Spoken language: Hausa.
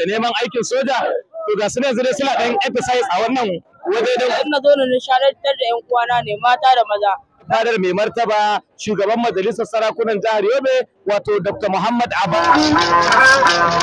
da neman aikin soja to ga su ne zai suna ɗan emphasize a wannan waje da na zo ne nishadantar da yan uwana ne mata da maza fadar mai martaba shugaban majalisar sarakunan jihar yobe wato dr muhammad abba